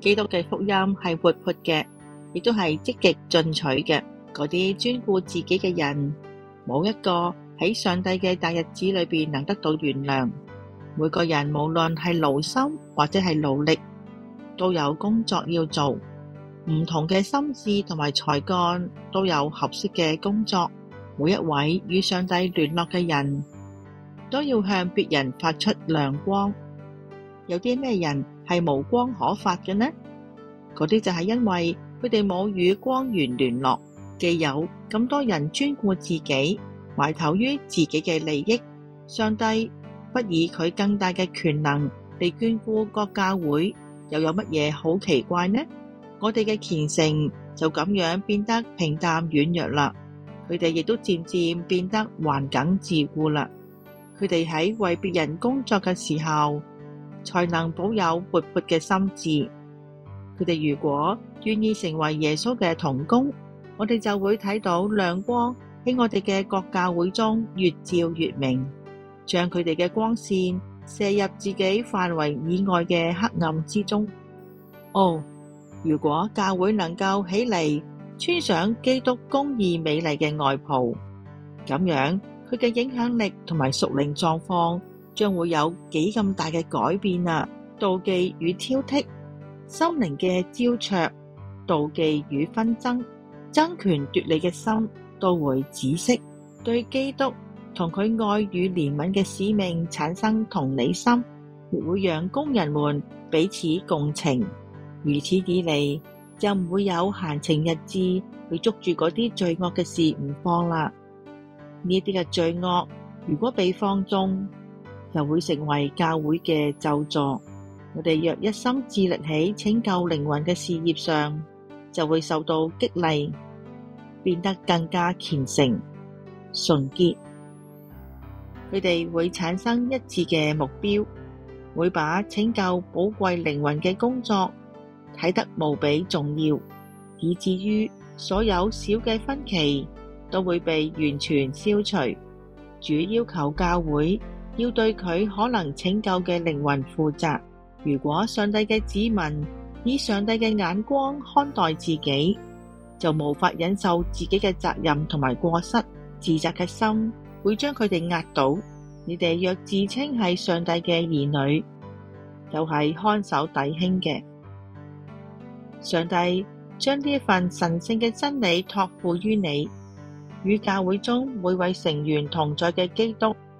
基督嘅福音係活潑嘅，亦都係積極進取嘅。嗰啲專顧自己嘅人，冇一個喺上帝嘅大日子裏邊能得到原諒。每個人無論係勞心或者係勞力，都有工作要做。唔同嘅心智同埋才幹都有合適嘅工作。每一位與上帝聯絡嘅人，都要向別人發出亮光。有啲咩人？係無光可發嘅呢？嗰啲就係因為佢哋冇與光源聯絡。既有咁多人專顧自己，埋頭於自己嘅利益，上帝不以佢更大嘅權能嚟眷顧各教會，又有乜嘢好奇怪呢？我哋嘅虔誠就咁樣變得平淡軟弱啦，佢哋亦都漸漸變得環境自顧啦，佢哋喺為別人工作嘅時候。才能保有活潑嘅心智。佢哋如果願意成為耶穌嘅同工，我哋就會睇到亮光喺我哋嘅各教會中越照越明，將佢哋嘅光線射入自己範圍以外嘅黑暗之中。哦，如果教會能夠起嚟穿上基督公義美麗嘅外袍，咁樣，佢嘅影響力同埋屬靈狀況。將會有幾咁大嘅改變啊！妒忌與挑剔，心靈嘅焦灼，妒忌與紛爭，爭權奪利嘅心都會止息。對基督同佢愛與憐憫嘅使命產生同理心，亦會讓工人們彼此共情。如此以嚟，就唔會有閒情逸致去捉住嗰啲罪惡嘅事唔放啦。呢啲嘅罪惡如果被放縱，又會成為教會嘅咒詛。我哋若一心致力喺拯救靈魂嘅事業上，就會受到激勵，變得更加虔誠純潔。佢哋會產生一致嘅目標，會把拯救寶貴靈魂嘅工作睇得無比重要，以至於所有小嘅分歧都會被完全消除。主要求教會，要對佢可能拯救嘅靈魂負責。如果上帝嘅子民以上帝嘅眼光看待自己，就無法忍受自己嘅責任同埋過失，自責嘅心會將佢哋壓倒。你哋若自稱係上帝嘅兒女，又係看守弟兄嘅，上帝將呢一份神聖嘅真理託付於你，與教會中每位成員同在嘅基督。